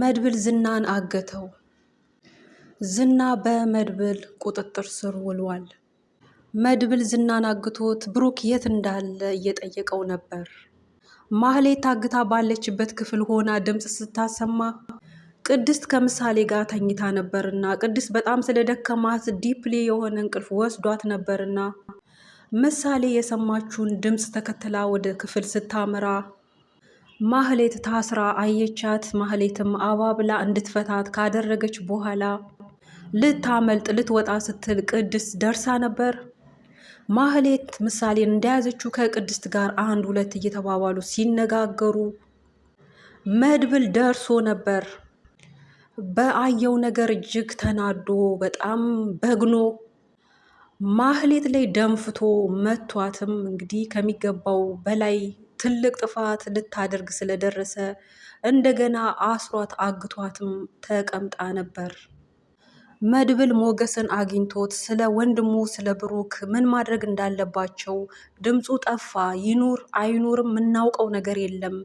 መድብል ዝናን አገተው። ዝና በመድብል ቁጥጥር ስር ውሏል። መድብል ዝናን አግቶት ብሩክ የት እንዳለ እየጠየቀው ነበር። ማህሌት ታግታ ባለችበት ክፍል ሆና ድምፅ ስታሰማ ቅድስት ከምሳሌ ጋር ተኝታ ነበርና ቅድስት በጣም ስለደከማት ዲፕሊ የሆነ እንቅልፍ ወስዷት ነበርና ምሳሌ የሰማችውን ድምፅ ተከትላ ወደ ክፍል ስታመራ ማህሌት ታስራ አየቻት። ማህሌትም አባብላ እንድትፈታት ካደረገች በኋላ ልታመልጥ ልትወጣ ስትል ቅድስት ደርሳ ነበር። ማህሌት ምሳሌን እንደያዘችው ከቅድስት ጋር አንድ ሁለት እየተባባሉ ሲነጋገሩ መድብል ደርሶ ነበር። በአየው ነገር እጅግ ተናዶ በጣም በግኖ ማህሌት ላይ ደንፍቶ መቷትም እንግዲህ ከሚገባው በላይ ትልቅ ጥፋት ልታደርግ ስለደረሰ እንደገና አስሯት አግቷትም ተቀምጣ ነበር። መድብል ሞገስን አግኝቶት ስለ ወንድሙ ስለ ብሩክ ምን ማድረግ እንዳለባቸው ድምፁ ጠፋ። ይኑር አይኑርም የምናውቀው ነገር የለም።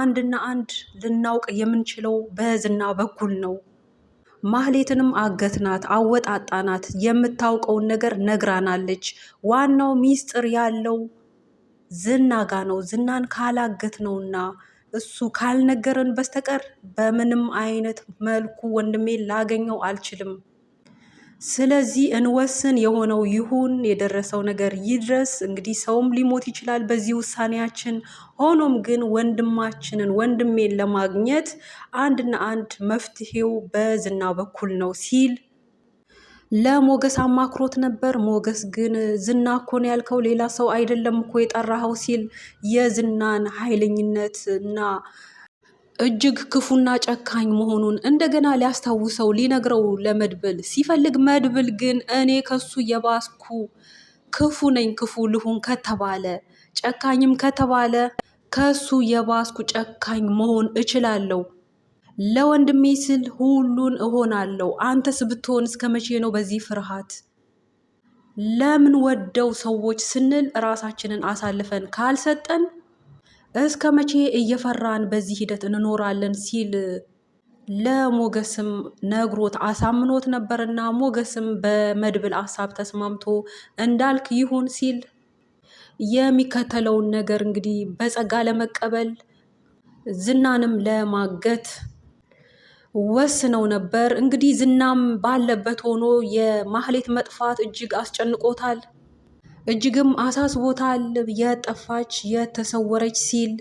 አንድና አንድ ልናውቅ የምንችለው በዝና በኩል ነው። ማህሌትንም አገትናት፣ አወጣጣናት። የምታውቀውን ነገር ነግራናለች። ዋናው ሚስጥር ያለው ዝና ጋ ነው። ዝናን ካላገት ነውና እሱ ካልነገረን በስተቀር በምንም አይነት መልኩ ወንድሜ ላገኘው አልችልም። ስለዚህ እንወስን፣ የሆነው ይሁን፣ የደረሰው ነገር ይድረስ። እንግዲህ ሰውም ሊሞት ይችላል በዚህ ውሳኔያችን። ሆኖም ግን ወንድማችንን ወንድሜን ለማግኘት አንድና አንድ መፍትሄው በዝና በኩል ነው ሲል ለሞገስ አማክሮት ነበር። ሞገስ ግን ዝና እኮ ነው ያልከው፣ ሌላ ሰው አይደለም እኮ የጠራኸው ሲል የዝናን ኃይለኝነት እና እጅግ ክፉና ጨካኝ መሆኑን እንደገና ሊያስታውሰው ሊነግረው ለመድብል ሲፈልግ መድብል ግን እኔ ከሱ የባስኩ ክፉ ነኝ ክፉ ልሁን ከተባለ ጨካኝም ከተባለ ከሱ የባስኩ ጨካኝ መሆን እችላለሁ ለወንድሜ ስል ሁሉን እሆናለሁ። አንተስ ብትሆን እስከ መቼ ነው በዚህ ፍርሃት? ለምን ወደው ሰዎች ስንል ራሳችንን አሳልፈን ካልሰጠን እስከ መቼ እየፈራን በዚህ ሂደት እንኖራለን? ሲል ለሞገስም ነግሮት አሳምኖት ነበርና ሞገስም በመድብል ሀሳብ ተስማምቶ እንዳልክ ይሁን ሲል የሚከተለውን ነገር እንግዲህ በጸጋ ለመቀበል ዝናንም ለማገት ወስነው ነበር። እንግዲህ ዝናም ባለበት ሆኖ የማህሌት መጥፋት እጅግ አስጨንቆታል፣ እጅግም አሳስቦታል። የጠፋች የተሰወረች ሲል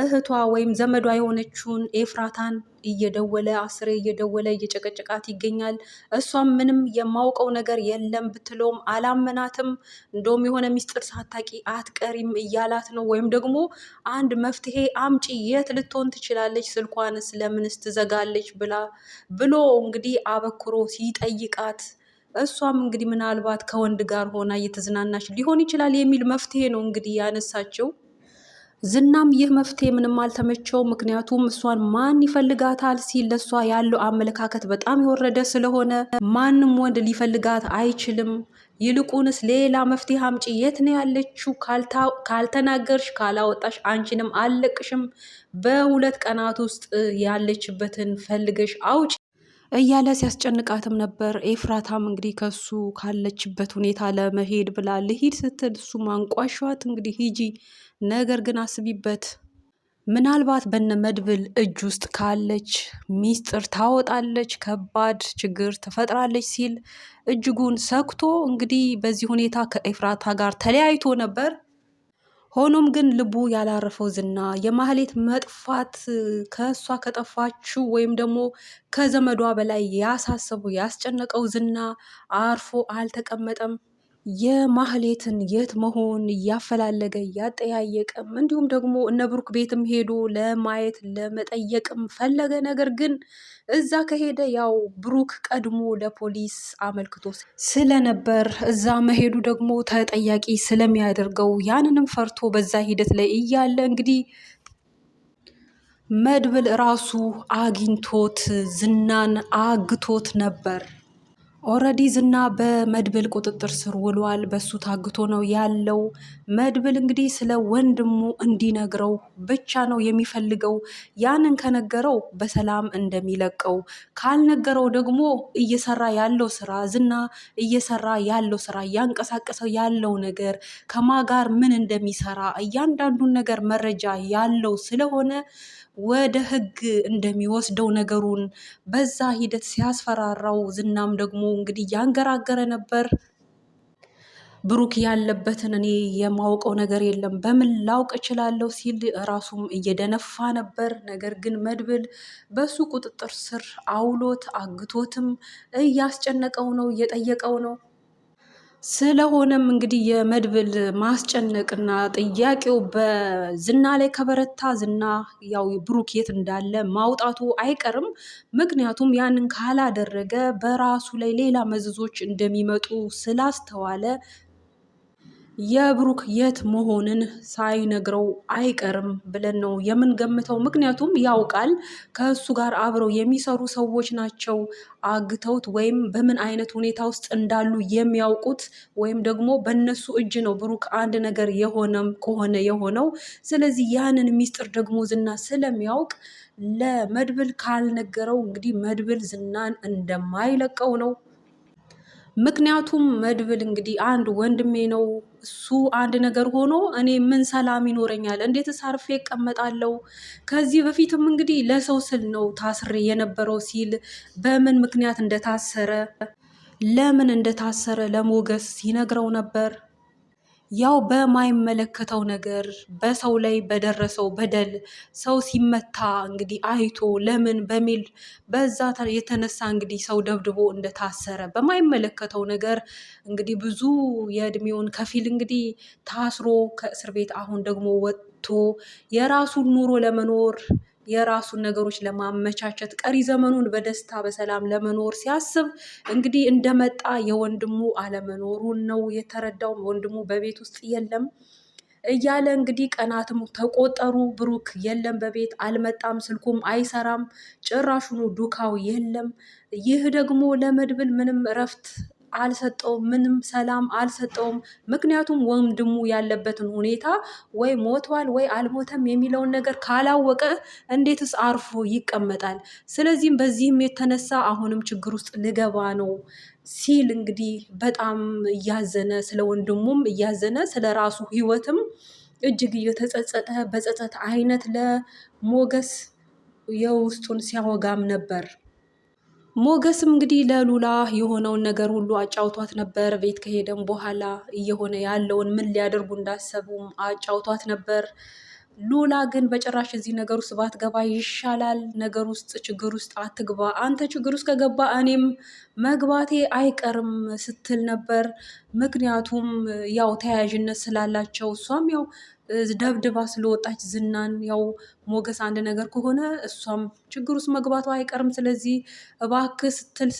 እህቷ ወይም ዘመዷ የሆነችውን ኤፍራታን እየደወለ አስሬ እየደወለ እየጨቀጨቃት ይገኛል። እሷም ምንም የማውቀው ነገር የለም ብትለውም አላመናትም። እንደውም የሆነ ሚስጥር ሳታቂ አትቀሪም እያላት ነው። ወይም ደግሞ አንድ መፍትሄ አምጪ፣ የት ልትሆን ትችላለች? ስልኳንስ ለምንስ ትዘጋለች? ብላ ብሎ እንግዲህ አበክሮ ሲጠይቃት እሷም እንግዲህ ምናልባት ከወንድ ጋር ሆና እየተዝናናች ሊሆን ይችላል የሚል መፍትሄ ነው እንግዲህ ያነሳቸው። ዝናም ይህ መፍትሄ ምንም አልተመቸው። ምክንያቱም እሷን ማን ይፈልጋታል ሲል ለእሷ ያለው አመለካከት በጣም የወረደ ስለሆነ ማንም ወንድ ሊፈልጋት አይችልም። ይልቁንስ ሌላ መፍትሄ አምጪ፣ የት ነው ያለችው? ካልተናገርሽ ካላወጣሽ አንቺንም አልለቅሽም። በሁለት ቀናት ውስጥ ያለችበትን ፈልገሽ አውጭ። እያለ ሲያስጨንቃትም ነበር። ኤፍራታም እንግዲህ ከሱ ካለችበት ሁኔታ ለመሄድ ብላ ልሂድ ስትል እሱ ማንቋሸዋት እንግዲህ ሂጂ፣ ነገር ግን አስቢበት ምናልባት በነ መድብል እጅ ውስጥ ካለች ሚስጥር ታወጣለች፣ ከባድ ችግር ትፈጥራለች ሲል እጅጉን ሰክቶ እንግዲህ በዚህ ሁኔታ ከኤፍራታ ጋር ተለያይቶ ነበር። ሆኖም ግን ልቡ ያላረፈው ዝና የማህሌት መጥፋት ከእሷ ከጠፋችው ወይም ደግሞ ከዘመዷ በላይ ያሳሰበው ያስጨነቀው ዝና አርፎ አልተቀመጠም። የማህሌትን የት መሆን እያፈላለገ እያጠያየቅም እንዲሁም ደግሞ እነ ብሩክ ቤትም ሄዶ ለማየት ለመጠየቅም ፈለገ። ነገር ግን እዛ ከሄደ ያው ብሩክ ቀድሞ ለፖሊስ አመልክቶ ስለነበር እዛ መሄዱ ደግሞ ተጠያቂ ስለሚያደርገው ያንንም ፈርቶ በዛ ሂደት ላይ እያለ እንግዲህ መድብል ራሱ አግኝቶት ዝናን አግቶት ነበር። ኦረዲ ዝና በመድብል ቁጥጥር ስር ውሏል። በሱ ታግቶ ነው ያለው። መድብል እንግዲህ ስለ ወንድሙ እንዲነግረው ብቻ ነው የሚፈልገው። ያንን ከነገረው በሰላም እንደሚለቀው፣ ካልነገረው ደግሞ እየሰራ ያለው ስራ ዝና እየሰራ ያለው ስራ እያንቀሳቀሰው ያለው ነገር ከማ ጋር ምን እንደሚሰራ እያንዳንዱን ነገር መረጃ ያለው ስለሆነ ወደ ህግ እንደሚወስደው ነገሩን በዛ ሂደት ሲያስፈራራው፣ ዝናም ደግሞ እንግዲህ እያንገራገረ ነበር። ብሩክ ያለበትን እኔ የማውቀው ነገር የለም በምን ላውቅ እችላለሁ ሲል ራሱም እየደነፋ ነበር። ነገር ግን መድብል በሱ ቁጥጥር ስር አውሎት አግቶትም እያስጨነቀው ነው፣ እየጠየቀው ነው። ስለሆነም እንግዲህ የመድብል ማስጨነቅና ጥያቄው በዝና ላይ ከበረታ ዝና ያው ብሩክ የት እንዳለ ማውጣቱ አይቀርም። ምክንያቱም ያንን ካላደረገ በራሱ ላይ ሌላ መዘዞች እንደሚመጡ ስላስተዋለ የብሩክ የት መሆንን ሳይነግረው አይቀርም ብለን ነው የምንገምተው። ምክንያቱም ያውቃል ከእሱ ጋር አብረው የሚሰሩ ሰዎች ናቸው አግተውት ወይም በምን አይነት ሁኔታ ውስጥ እንዳሉ የሚያውቁት ወይም ደግሞ በእነሱ እጅ ነው ብሩክ አንድ ነገር የሆነም ከሆነ የሆነው። ስለዚህ ያንን ሚስጥር ደግሞ ዝና ስለሚያውቅ ለመድብል ካልነገረው እንግዲህ መድብል ዝናን እንደማይለቀው ነው ምክንያቱም መድብል እንግዲህ አንድ ወንድሜ ነው። እሱ አንድ ነገር ሆኖ እኔ ምን ሰላም ይኖረኛል? እንዴት ሳርፌ እቀመጣለሁ? ከዚህ በፊትም እንግዲህ ለሰው ስል ነው ታስሬ የነበረው ሲል በምን ምክንያት እንደታሰረ ለምን እንደታሰረ ለሞገስ ሲነግረው ነበር። ያው በማይመለከተው ነገር በሰው ላይ በደረሰው በደል ሰው ሲመታ እንግዲህ አይቶ ለምን በሚል በዛ የተነሳ እንግዲህ ሰው ደብድቦ እንደታሰረ በማይመለከተው ነገር እንግዲህ ብዙ የእድሜውን ከፊል እንግዲህ ታስሮ ከእስር ቤት አሁን ደግሞ ወጥቶ የራሱን ኑሮ ለመኖር የራሱን ነገሮች ለማመቻቸት ቀሪ ዘመኑን በደስታ በሰላም ለመኖር ሲያስብ እንግዲህ እንደመጣ የወንድሙ አለመኖሩን ነው የተረዳው። ወንድሙ በቤት ውስጥ የለም እያለ እንግዲህ ቀናትም ተቆጠሩ። ብሩክ የለም በቤት አልመጣም፣ ስልኩም አይሰራም፣ ጭራሹኑ ዱካው የለም። ይህ ደግሞ ለመድብል ምንም እረፍት አልሰጠውም፣ ምንም ሰላም አልሰጠውም። ምክንያቱም ወንድሙ ያለበትን ሁኔታ ወይ ሞቷል ወይ አልሞተም የሚለውን ነገር ካላወቀ እንዴትስ አርፎ ይቀመጣል? ስለዚህም በዚህም የተነሳ አሁንም ችግር ውስጥ ልገባ ነው ሲል እንግዲህ በጣም እያዘነ ስለ ወንድሙም እያዘነ ስለ ራሱ ህይወትም እጅግ እየተጸጸተ በጸጸት አይነት ለሞገስ የውስጡን ሲያወጋም ነበር። ሞገስም እንግዲህ ለሉላ የሆነውን ነገር ሁሉ አጫውቷት ነበር። ቤት ከሄደም በኋላ እየሆነ ያለውን ምን ሊያደርጉ እንዳሰቡም አጫውቷት ነበር። ሉላ ግን በጭራሽ እዚህ ነገር ውስጥ ባትገባ ይሻላል፣ ነገር ውስጥ ችግር ውስጥ አትግባ፣ አንተ ችግር ውስጥ ከገባ እኔም መግባቴ አይቀርም ስትል ነበር። ምክንያቱም ያው ተያያዥነት ስላላቸው እሷም ያው ደብድባ ስለወጣች ዝናን ያው ሞገስ አንድ ነገር ከሆነ እሷም ችግር ውስጥ መግባቷ አይቀርም። ስለዚህ እባክህ ስትል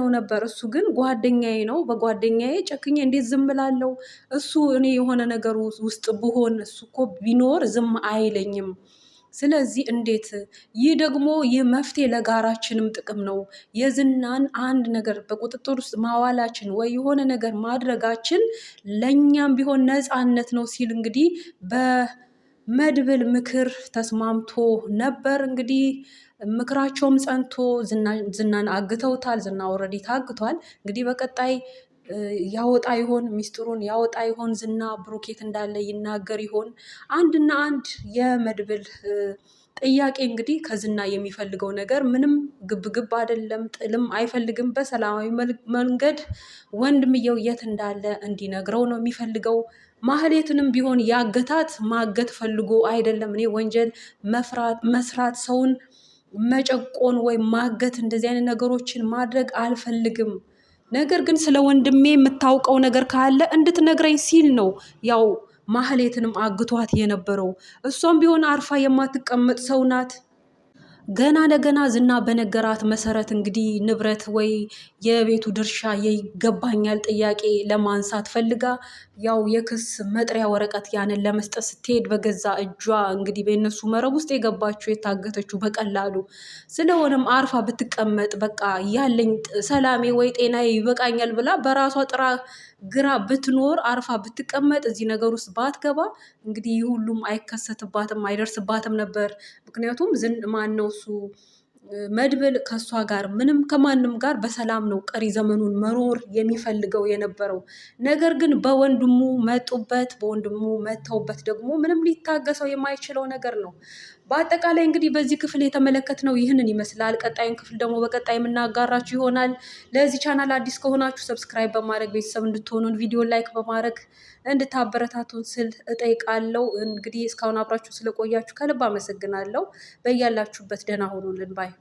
ነው ነበር። እሱ ግን ጓደኛዬ ነው፣ በጓደኛዬ ጨክኜ እንዴት ዝም እላለሁ? እሱ እኔ የሆነ ነገር ውስጥ ብሆን እሱ እኮ ቢኖር ዝም አይለኝም። ስለዚህ እንዴት ይህ ደግሞ ይህ መፍትሄ ለጋራችንም ጥቅም ነው። የዝናን አንድ ነገር በቁጥጥር ውስጥ ማዋላችን ወይ የሆነ ነገር ማድረጋችን ለእኛም ቢሆን ነፃነት ነው ሲል እንግዲህ በመድብል ምክር ተስማምቶ ነበር። እንግዲህ ምክራቸውም ጸንቶ ዝናን አግተውታል። ዝና ኦልሬዲ ታግቷል። እንግዲህ በቀጣይ ያወጣ ይሆን? ሚስጥሩን ያወጣ ይሆን? ዝና ብሩኬት እንዳለ ይናገር ይሆን? አንድና አንድ የመድብል ጥያቄ እንግዲህ ከዝና የሚፈልገው ነገር ምንም ግብግብ አይደለም፣ ጥልም አይፈልግም። በሰላማዊ መንገድ ወንድምየው የት እንዳለ እንዲነግረው ነው የሚፈልገው። ማህሌትንም ቢሆን ያገታት ማገት ፈልጎ አይደለም። እኔ ወንጀል መስራት ሰውን መጨቆን ወይም ማገት እንደዚህ አይነት ነገሮችን ማድረግ አልፈልግም። ነገር ግን ስለ ወንድሜ የምታውቀው ነገር ካለ እንድትነግረኝ ሲል ነው ያው ማህሌትንም አግቷት የነበረው። እሷም ቢሆን አርፋ የማትቀመጥ ሰው ናት። ገና ለገና ዝና በነገራት መሰረት እንግዲህ ንብረት ወይ የቤቱ ድርሻ የይገባኛል ጥያቄ ለማንሳት ፈልጋ ያው የክስ መጥሪያ ወረቀት ያንን ለመስጠት ስትሄድ በገዛ እጇ እንግዲህ በእነሱ መረብ ውስጥ የገባችው የታገተችው በቀላሉ ስለሆነም አርፋ ብትቀመጥ በቃ ያለኝ ሰላሜ ወይ ጤናዬ ይበቃኛል ብላ በራሷ ጥራ ግራ ብትኖር አርፋ ብትቀመጥ እዚህ ነገር ውስጥ ባትገባ እንግዲህ ይህ ሁሉም አይከሰትባትም አይደርስባትም ነበር። ምክንያቱም ዝን ማን ነው እሱ መድብል ከእሷ ጋር ምንም ከማንም ጋር በሰላም ነው ቀሪ ዘመኑን መኖር የሚፈልገው የነበረው። ነገር ግን በወንድሙ መጡበት፣ በወንድሙ መተውበት ደግሞ ምንም ሊታገሰው የማይችለው ነገር ነው። በአጠቃላይ እንግዲህ በዚህ ክፍል የተመለከትነው ይህንን ይመስላል። ቀጣዩን ክፍል ደግሞ በቀጣይ የምናጋራችሁ ይሆናል። ለዚህ ቻናል አዲስ ከሆናችሁ ሰብስክራይብ በማድረግ ቤተሰብ እንድትሆኑን፣ ቪዲዮ ላይክ በማድረግ እንድታበረታቱን ስል እጠይቃለሁ። እንግዲህ እስካሁን አብራችሁ ስለቆያችሁ ከልብ አመሰግናለሁ። በያላችሁበት ደህና ሆኑልን ባይ